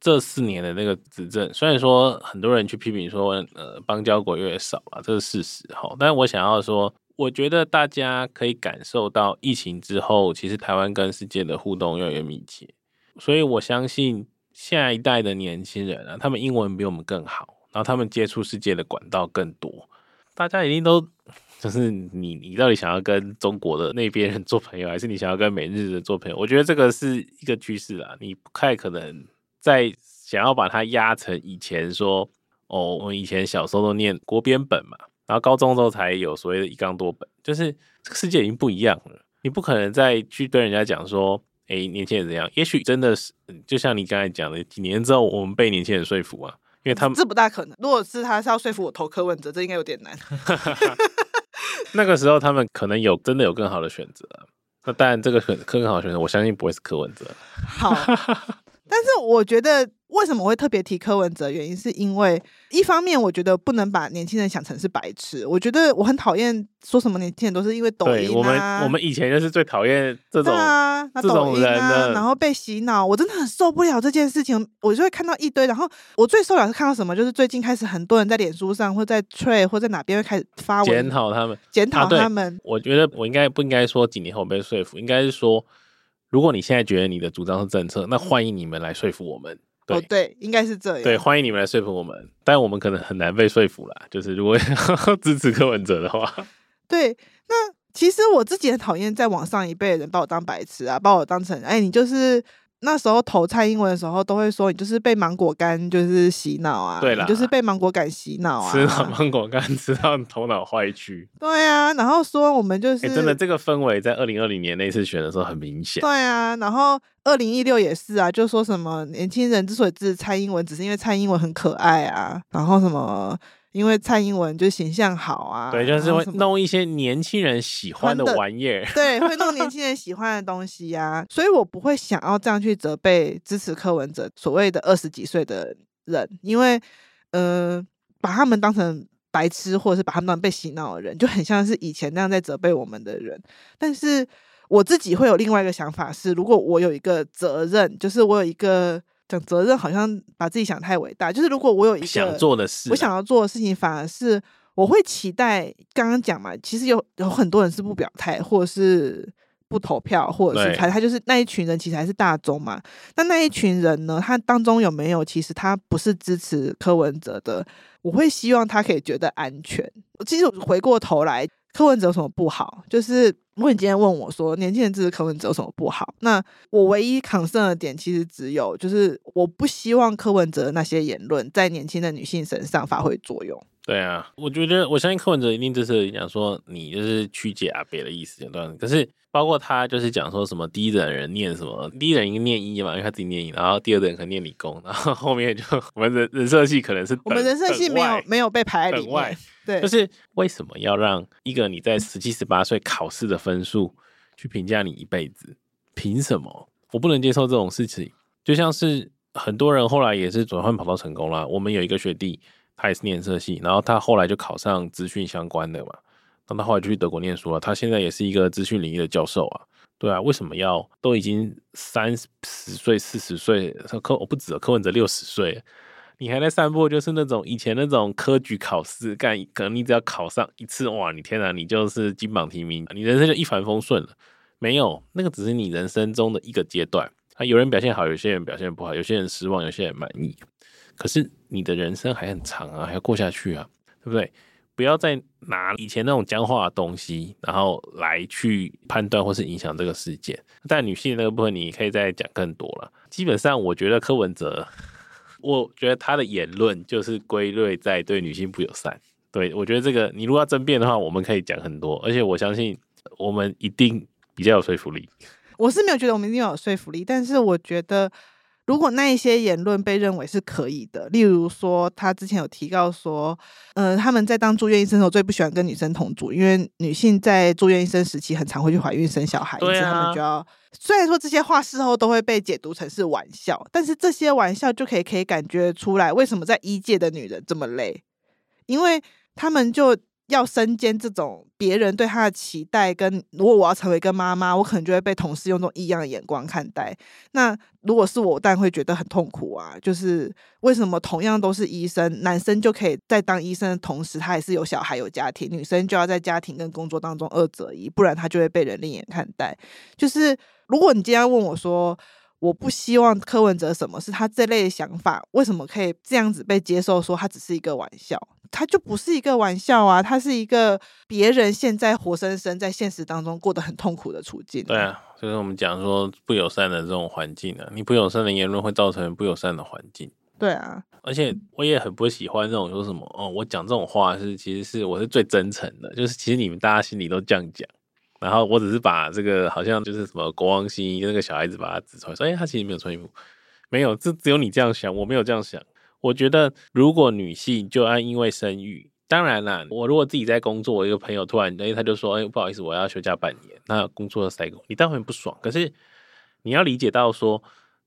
這四年的那個執政，雖然說很多人去批評說呃邦交國越來越少了，這是事實哈。但我想要說，我覺得大家可以感受到疫情之後，其實台灣跟世界的互動越來越密切，所以我相信。下一代的年輕人啊，他們英文比我們更好，然後他們接觸世界的管道更多。大家一定都，就是你，你到底想要跟中國的那邊人做朋友，還是你想要跟美日的做朋友？我覺得這個是一個趨勢啊，你不太可能再想要把它壓成以前說，哦，我們以前小時候都念國編本嘛，然後高中的時候才有所謂的一綱多本，就是這個世界已經不一樣了，你不可能再去跟人家講說。哎、欸，年輕人怎樣？也許真的是，就像你剛才講的，幾年之後我們被年輕人說服啊，因為他們這不大可能。如果是他，是要說服我投柯文哲，這應該有點難。 那個時候他們可能有真的有更好的選擇，那當然這個很科更好的選擇，我相信不會是柯文哲。 好，但是我覺得。為什麼我會特別提柯文哲？原因是因為一方面，我覺得不能把年輕人想成是白痴。我覺得我很討厭說什麼年輕人都是因為抖音、啊、我們我們以前就是最討厭這種啊，那啊這種人啊，然後被洗腦，我真的很受不了這件事情。我就會看到一堆，然後我最受不了是看到什麼，就是最近開始很多人在臉書上或在吹，或在哪邊開始發文檢討他們，檢討他、啊啊、他們。我覺得我應該不應該說幾年後被說服，應該是說，如果你現在覺得你的主張是政策，那歡迎你們來說服我們。哦，對，應該是這樣。對，歡迎你們來說服我們，但我們可能很難被說服啦。就是如果 支持柯文哲的話，對，那其實我自己很討厭在往上一輩人把我當白痴啊，把我當成，哎，你就是。那時候投蔡英文的時候，都會說你就是被芒果乾就是洗腦啊，對了，你就是被芒果乾洗腦啊，吃芒果乾吃到你頭腦壞去。對啊，然後說我們就是、欸、真的這個氛圍在二零二零年那次選的時候很明顯。對啊，然後二零一六也是啊，就說什麼年輕人之所以支持蔡英文，只是因為蔡英文很可愛啊，然後什麼。因為蔡英文就形象好啊，對，就是會弄一些年輕人喜歡的玩意兒，對，會弄年輕人喜歡的東西呀、啊， 所以我不會想要這樣去責備支持柯文哲所謂的二十幾歲的人，因為嗯、呃，把他們當成白痴，或者是把他們當被洗腦的人，就很像是以前那樣在責備我們的人。但是我自己會有另外一個想法是，如果我有一個責任，就是我有一個。講責任好像把自己想太偉大，就是如果我有一個想做的事，我想要做的事情，的反而是我會期待，剛剛講嘛，其實有有很多人是不表態，或者是不投票，或者是他他就是那一群人，其實還是大眾嘛。但那，那一群人呢，他當中有沒有其實他不是支持柯文哲的？我會希望他可以覺得安全。其實回過頭來，柯文哲有什麼不好，就是。如果你今天問我說年輕人支持柯文哲有什麼不好？那我唯一 concern 的點其實只有，就是我不希望柯文哲那些言論在年輕的女性身上發揮作用。對啊，我覺得我相信柯文哲一定就是講說你就是曲解阿北的意思，對，可是包括他就是講說什麼第一等人念什麼，第一等人應該念醫嘛，因為他自己念醫，然後第二等人可能念理工，然後後面就我們人人設系可能是我們人設系沒有沒有被排在裡外，對，就是為什麼要讓一個你在十七十八歲考試的？分數去評價你一輩子，憑什麼？我不能接受這種事情。就像是很多人後來也是轉換跑道成功了。我們有一個學弟，他也是念社系，然後他後來就考上資訊相關的嘛。然後他後來就去德國念書了。他現在也是一個資訊領域的教授啊。對啊，為什麼要？都已經三十歲、四十歲，柯我不止了，柯文哲六十歲。你還在散步，就是那種以前那種科舉考試，幹可能你只要考上一次，哇，你天哪，你就是金榜題名，你人生就一帆風順了。沒有，那個只是你人生中的一個階段。啊，有人表現好，有些人表現不好，有些人失望，有些人滿意。可是你的人生還很長啊，還要過下去啊，對不對？不要再拿以前那種僵化的東西，然後來去判斷或是影響這個世界。但女性的那個部分，你可以再講更多了。基本上，我覺得柯文哲。我覺得他的言論就是歸類在對女性不友善。對，我覺得這個，你如果要爭辯的話，我們可以講很多，而且我相信我們一定比較有說服力。我是沒有覺得我們一定要有說服力，但是我覺得。如果那一些言論被認為是可以的，例如說他之前有提到說，嗯、呃，他們在當住院醫生的時候最不喜歡跟女生同住，因為女性在住院醫生時期很常會去懷孕生小孩，啊，所以他們就要。雖然說這些話事後都會被解讀成是玩笑，但是這些玩笑就可以可以感覺出來為什麼在醫界的女人這麼累，因為他們就。要身兼這種別人對他的期待，跟如果我要成為一個媽媽，我可能就會被同事用這種異樣的眼光看待。那如果是我，當然會覺得很痛苦啊！就是為什麼同樣都是醫生，男生就可以在當醫生的同時，他還是有小孩有家庭，女生就要在家庭跟工作當中二擇一，不然她就會被人另眼看待。就是如果你今天問我說，我不希望柯文哲什麼是他這類的想法，為什麼可以這樣子被接受？說他只是一個玩笑，他就不是一個玩笑啊，他是一個別人現在活生生在現實當中過得很痛苦的處境啊。對啊，就是我們講說不友善的這種環境啊，你不友善的言論會造成不友善的環境。對啊，而且我也很不喜歡這種說什麼哦，嗯，我講這種話是其實是我是最真誠的，就是其實你們大家心裡都這樣講。然後我只是把這個好像就是什麼國王新衣那個小孩子把它指出來，說：“哎、欸，他其實沒有穿衣服，沒有，這只有你這樣想，我沒有這樣想。我覺得如果女性就按因為生育，當然啦，我如果自己在工作，我一個朋友突然哎、欸、他就說：哎、欸，不好意思，我要休假半年，那工作塞工，你當然不爽。可是你要理解到說，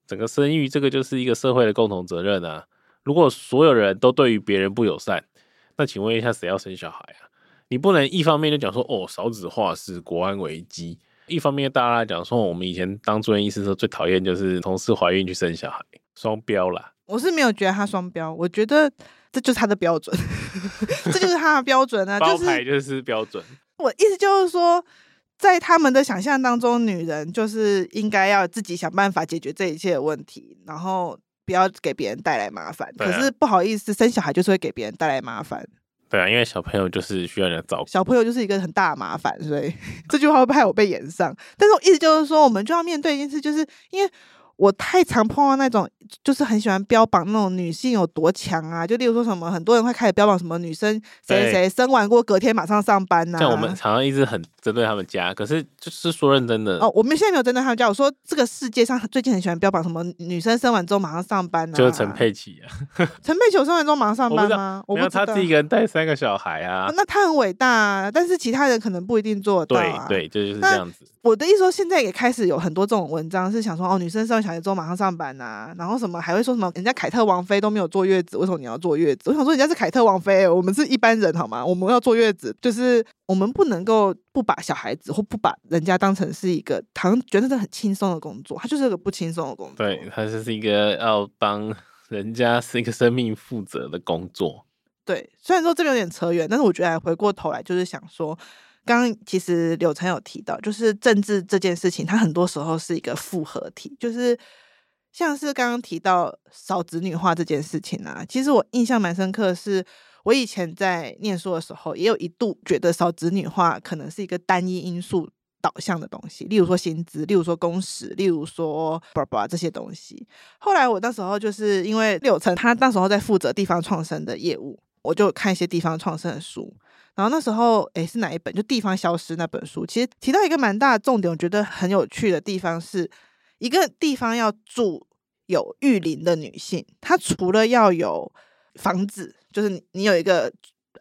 整個生育這個就是一個社會的共同責任啊。如果所有人都對於別人不友善，那請問一下，誰要生小孩啊？”你不能一方面就講說哦，少子化是國安危機；一方面大家講說，我們以前當住院醫師的時候最討厭就是同事懷孕去生小孩，雙標啦，我是沒有覺得他雙標，我覺得這就是他的標準， 這就是他的標準啊， 就是包牌就是標準、就是。我意思就是說，在他們的想象當中，女人就是應該要自己想辦法解決這一切的問題，然後不要給別人帶來麻煩、啊。可是不好意思，生小孩就是會給別人帶來麻煩。對啊，因為小朋友就是需要人照顧，小朋友就是一個很大的麻煩，所以這句話會害我被演上，但是我意思就是說，我們就要面對一件事，就是因為。我太常碰到那種，就是很喜歡標榜那種女性有多強啊，就例如說什麼，很多人會開始標榜什麼女生誰誰生完過，隔天馬上上班吶、啊。像我們常常一直很針對他們家，可是就是說認真的哦，我們現在沒有針對他們家。我說這個世界上最近很喜歡標榜什麼女生生完之後馬上上班，啊，就是陳佩琪啊， 陳佩琪有生完之後馬上上班嗎？我不知道沒我不知道他她自己一個人帶三個小孩啊。那他很偉大、啊，但是其他人可能不一定做得到對、啊、對，對就，就是這樣子。我的意思說，現在也開始有很多這種文章，是想說哦，女生生。孩子馬上上班吶、啊，然後什麼還會說什麼？人家凱特王妃都沒有坐月子，為什麼你要坐月子？我想說，人家是凱特王妃，我們是一般人好嗎？我們要坐月子，就是我們不能夠不把小孩子或不把人家當成是一個，好像覺得這很輕鬆的工作，它就是一個不輕鬆的工作。對，它就是一個要幫人家是一個生命負責的工作。對，雖然說這邊有點扯遠，但是我覺得回過頭來就是想說。剛剛其實柳誠有提到，就是政治這件事情，它很多時候是一個複合體，就是像是剛剛提到少子女化這件事情啊。其實我印象蠻深刻的是，是我以前在念書的時候，也有一度覺得少子女化可能是一個單一因素導向的東西，例如說薪資，例如說工時，例如說不不這些東西。後來我那時候就是因為柳誠他那時候在負責地方創生的業務，我就看一些地方創生的書。然後那時候，誒，是哪一本？就《地方消失》那本書，其實提到一個蠻大的重點，我覺得很有趣的地方是，一個地方要住有育齡的女性，她除了要有房子，就是你，你有一個，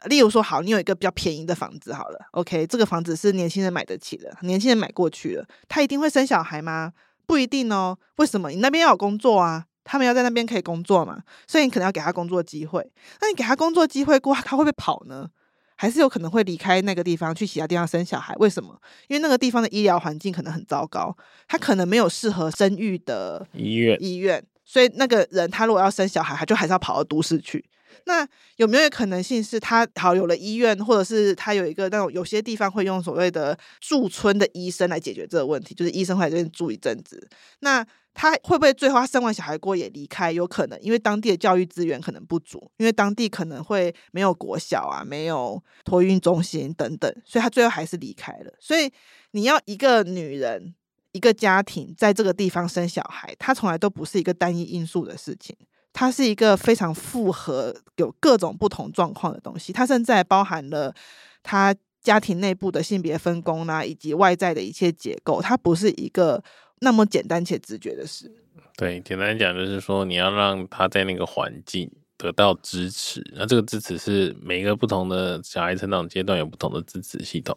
例如說好，你有一個比較便宜的房子好了，OK，這個房子是年輕人買得起的，年輕人買過去了，她一定會生小孩嗎？不一定哦。為什麼？你那邊要有工作啊，他們要在那邊可以工作嘛，所以你可能要給她工作機會。那你給她工作機會過，她會不會跑呢？還是有可能會離開那個地方去其他地方生小孩，為什麼？因為那個地方的醫療環境可能很糟糕，他可能沒有適合生育的醫院，醫院，所以那個人他如果要生小孩，他就還是要跑到都市去。那有沒有可能性是他好有了醫院，或者是他有一個那種有些地方會用所謂的駐村的醫生來解決這個問題，就是醫生會在這邊住一陣子。那他會不會最後生完小孩過也離開？有可能，因為當地的教育資源可能不足，因為當地可能會沒有國小啊，沒有托育中心等等，所以他最後還是離開了。所以你要一個女人一個家庭在這個地方生小孩，他從來都不是一個單一因素的事情。它是一個非常複合、有各種不同狀況的東西。它甚至還包含了他家庭內部的性別分工啦、啊，以及外在的一切結構。它不是一個那麼簡單且直覺的事。對，簡單講就是說，你要讓他在那個環境得到支持。那這個支持是每個不同的小孩成長階段有不同的支持系統。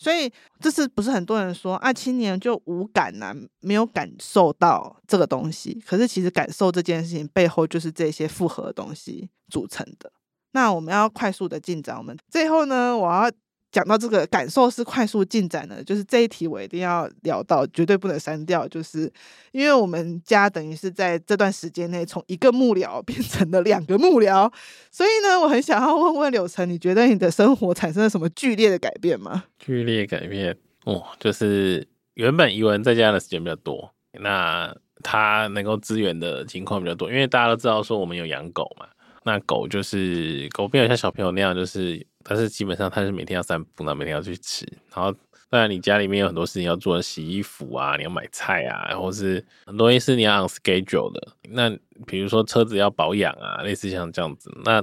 所以這次不是很多人說啊，青年就無感吶、啊，沒有感受到這個東西？可是其實感受這件事情背後就是這些複合的東西組成的。那我們要快速的進展，我們最後呢，我要。講到這個感受是快速進展的，就是這一題我一定要聊到，絕對不能刪掉。就是因為我們家等於是在這段時間內從一個幕僚變成了兩個幕僚， 所以呢，我很想要問問柳成，你覺得你的生活產生了什麼劇烈的改變嗎？劇烈改變哦，就是原本宜文在家的時間比較多，那他能夠支援的情況比較多，因為大家都知道說我們有養狗嘛。那狗就是狗，並不像小朋友那樣，就是，但是基本上它是每天要散步，那每天要去吃。然後當然，你家裡面有很多事情要做，洗衣服啊，你要買菜啊，然後是很多東西是你要按 schedule 的。那比如說車子要保養啊，類似像這樣子。那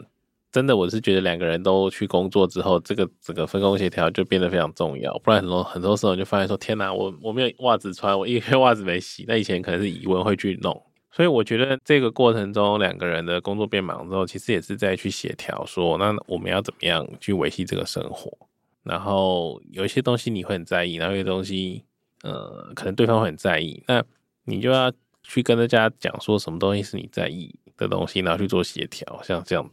真的，我是覺得兩個人都去工作之後，這個整個分工協調就變得非常重要。不然很多很多時候就發現說，天哪，啊，我我沒有襪子穿，我一堆襪子沒洗。那以前可能是宜文會去弄。所以我覺得這個過程中，兩個人的工作變忙之後，其實也是在去協調，說那我們要怎麼樣去維繫這個生活。然後有一些東西你會很在意，然後有些東西，呃，可能對方會很在意，那你就要去跟大家講說，什麼東西是你在意的東西，然後去做協調，像這樣。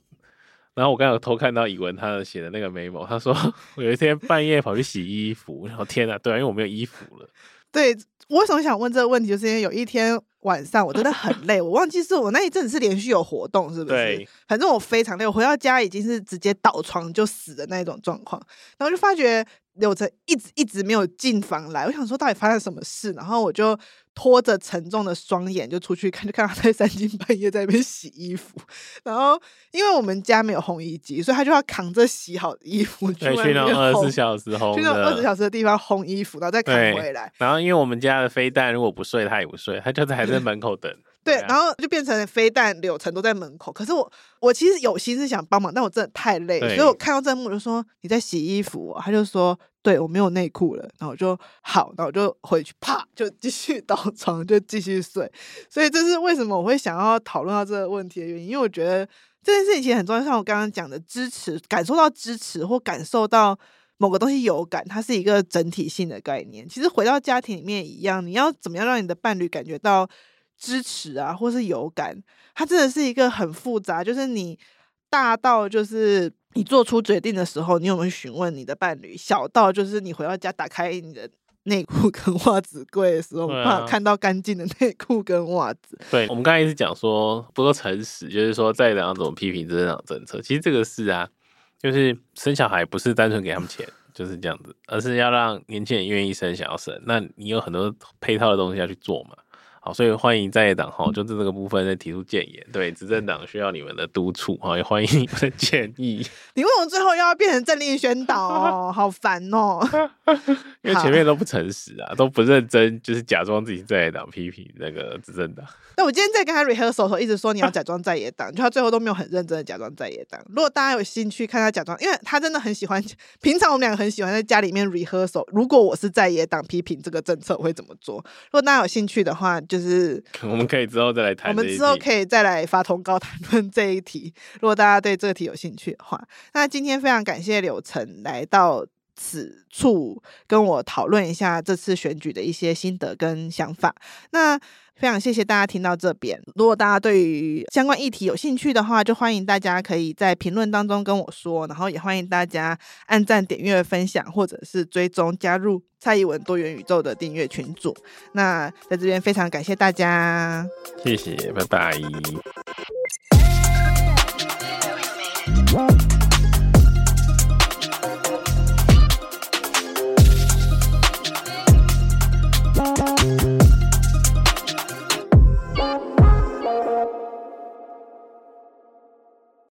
然後我剛,剛有偷看到宜文他寫的那個 memo，他說 我有一天半夜跑去洗衣服，然後天啊，對啊，因為我沒有衣服了對。對我為什麼想問這個問題，就是因為有一天。晚上我真的很累， 我忘記是我那一陣子是連續有活動，是不是？對，反正我非常累，我回到家已經是直接倒床就死的那一種狀況，然後就發覺柳哲一直一直沒有進房來，我想說到底發生什麼事，然後我就。拖着沉重的雙眼就出去看，就看到他在三更半夜在那邊洗衣服。然後，因為我們家沒有烘衣機，所以他就要扛着洗好的衣服去那去那種二十四小時烘的、二十四小時的地方烘衣服，然後再扛回來。然後，因為我們家的飛彈如果不睡，他也不睡，他就在還在門口等。 對，然後就變成非但柳成都在門口，可是我，我其實有心思想幫忙，但我真的太累了，所以我看到這一幕就說，你在洗衣服哦？他就說，對，我沒有內褲了，然後我就好，那我就回去，啪，就繼續倒床，就繼續睡，所以這是為什麼我會想要討論到這個問題的原因，因為我覺得這件事情其實很重要，像我剛剛講的支持，感受到支持或感受到某個東西有感，它是一個整體性的概念。其實回到家庭裡面一樣，你要怎麼樣讓你的伴侶感覺到。支持啊，或是有感，它真的是一個很複雜。就是你大到就是你做出決定的時候，你有沒有詢問你的伴侶？小到就是你回到家打開你的內褲跟襪子櫃的時候，啊、怕看到乾淨的內褲跟襪子。對，我們剛才一直講說，不夠誠實，就是說在講怎麼批評這種政策。其實這個事啊，就是生小孩不是單純給他們錢 就是這樣子，而是要讓年輕人願意生，想要生。那你有很多配套的東西要去做嘛？好，所以歡迎在野黨哈，就這這個部分再提出建言，對執政黨需要你們的督促啊，也歡迎你們的建議。你為什麼最後又要變成政令宣導哦？ 好煩哦！因為前面都不誠實啊，都不認真，就是假裝自己是在野黨批評那個執政黨。那我今天在跟他 rehearsal 的時候，一直說你要假裝在野黨，啊、就他最後都沒有很認真的假裝在野黨。如果大家有興趣看他假裝，因為他真的很喜歡，平常我們兩個很喜歡在家裡面 rehearsal。如果我是在野黨，批評這個政策我會怎麼做？如果大家有興趣的話，就是我們可以之後再來談，我們之後可以再來發通告談論這一題。如果大家對這個題有興趣的話，那今天非常感謝柳晨來到。此處跟我討論一下這次選舉的一些心得跟想法。那非常謝謝大家聽到這邊。如果大家對於相關議題有興趣的話，就歡迎大家可以在評論當中跟我說，然後也歡迎大家按贊、點閱、分享或者是追蹤加入蔡宜文多元宇宙的訂閱群組。那在這邊非常感謝大家，謝謝，拜拜。